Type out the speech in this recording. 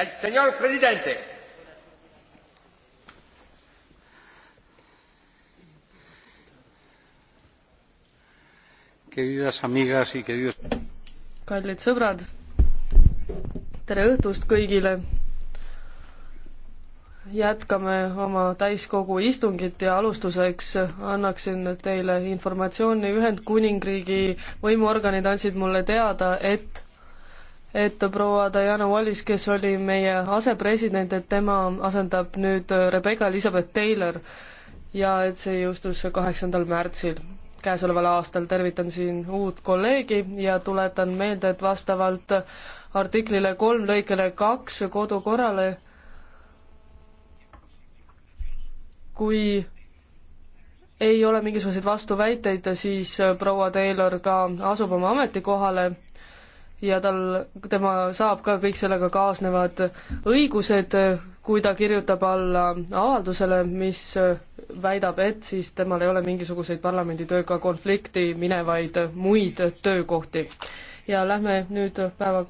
El señor presidente. Queridas amigas y queridos. kallid sõbrad, tere õhtust kõigile. jätkame oma täiskogu istungit ja alustuseks annaksin teile informatsiooni Ühendkuningriigi võimuorganid andsid mulle teada, et et proua Diana Wallis, kes oli meie asepresident, et tema asendab nüüd Rebecca Elizabeth Taylor ja et see jõustus kaheksandal märtsil käesoleval aastal. tervitan siin uut kolleegi ja tuletan meelde, et vastavalt artiklile kolm lõikele kaks kodukorrale, kui ei ole mingisuguseid vastuväiteid, siis proua Taylor ka asub oma ametikohale ja tal, tema saab ka kõik sellega kaasnevad õigused, kui ta kirjutab alla avaldusele, mis väidab, et siis temal ei ole mingisuguseid parlamendi tööga konflikti minevaid muid töökohti. ja lähme nüüd päeva